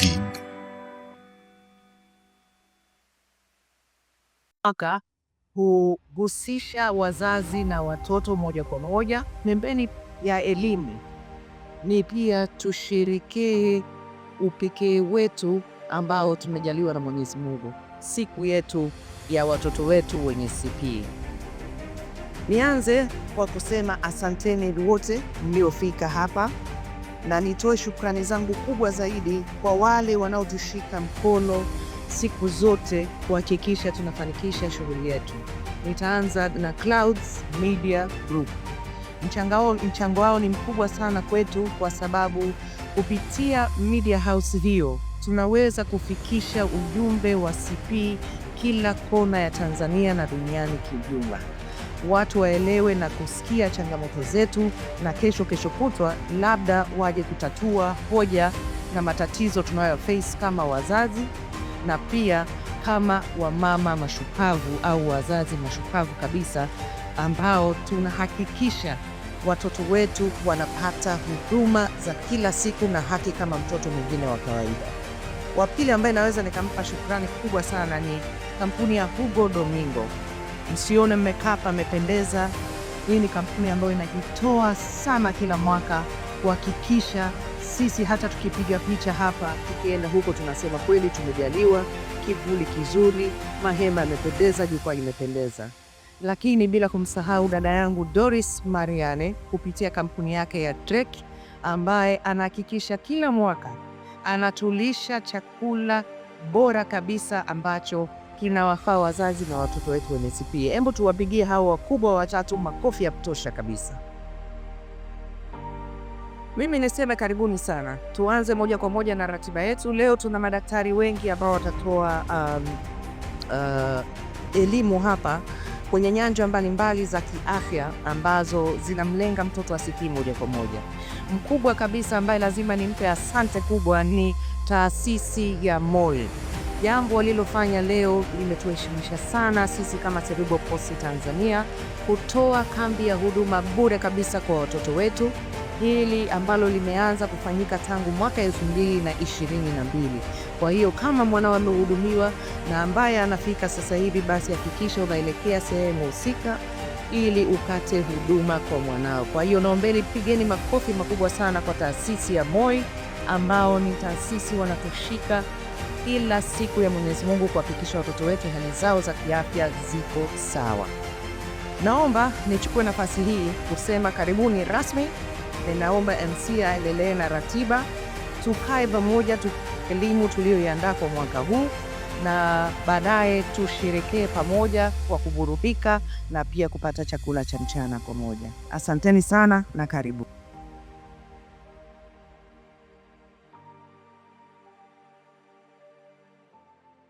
living. Aka huhusisha wazazi na watoto moja kwa moja. Pembeni ya elimu ni pia tushirikee upekee wetu ambao tumejaliwa na Mwenyezi Mungu, siku yetu ya watoto wetu wenye CP. Nianze kwa kusema asanteni wote mliofika hapa na nitoe shukrani zangu kubwa zaidi kwa wale wanaotushika mkono siku zote kuhakikisha tunafanikisha shughuli yetu. Nitaanza na Clouds Media Group. Mchango, mchango wao ni mkubwa sana kwetu kwa sababu kupitia media house hiyo tunaweza kufikisha ujumbe wa CP kila kona ya Tanzania na duniani kiujumla watu waelewe na kusikia changamoto zetu, na kesho kesho kutwa labda waje kutatua hoja na matatizo tunayo face kama wazazi na pia kama wamama mashupavu au wazazi mashupavu kabisa, ambao tunahakikisha watoto wetu wanapata huduma za kila siku na haki kama mtoto mwingine wa kawaida. Wa pili ambaye naweza nikampa shukrani kubwa sana ni kampuni ya Hugo Domingo msione mmekaa pamependeza. Hii ni kampuni ambayo inajitoa sana kila mwaka kuhakikisha sisi hata tukipiga picha hapa, tukienda huko, tunasema kweli tumejaliwa kivuli kizuri, mahema yamependeza, jukwaa limependeza. Lakini bila kumsahau dada yangu Doris Mariane kupitia kampuni yake ya Trek ambaye anahakikisha kila mwaka anatulisha chakula bora kabisa ambacho kinawafaa wazazi na watoto wetu wenye CP. Hebu tuwapigie hao wakubwa watatu makofi ya kutosha kabisa. Mimi niseme karibuni sana. Tuanze moja kwa moja na ratiba yetu. Leo tuna madaktari wengi ambao watatoa um, uh, elimu hapa kwenye nyanja mbalimbali za kiafya ambazo zinamlenga mtoto wa CP moja kwa moja. Mkubwa kabisa ambaye lazima nimpe asante kubwa ni taasisi ya MOI. Jambo walilofanya leo limetuheshimisha sana sisi kama Cerebral Palsy Tanzania kutoa kambi ya huduma bure kabisa kwa watoto wetu, hili ambalo limeanza kufanyika tangu mwaka 2022. Kwa hiyo kama mwanao amehudumiwa na ambaye anafika sasa hivi, basi hakikisha unaelekea sehemu husika ili ukate huduma kwa mwanao. Kwa hiyo naombeni, pigeni makofi makubwa sana kwa taasisi ya MOI ambao ni taasisi wanatoshika kila siku ya Mwenyezi Mungu kuhakikisha watoto wetu hali zao za kiafya ziko sawa. Naomba nichukue nafasi hii kusema karibuni rasmi. Ninaomba MCA aendelee na ratiba, tukae pamoja tu elimu tuliyoiandaa kwa mwaka huu na baadaye tusherekee pamoja kwa kuburudika na pia kupata chakula cha mchana pamoja. Asanteni sana na karibu.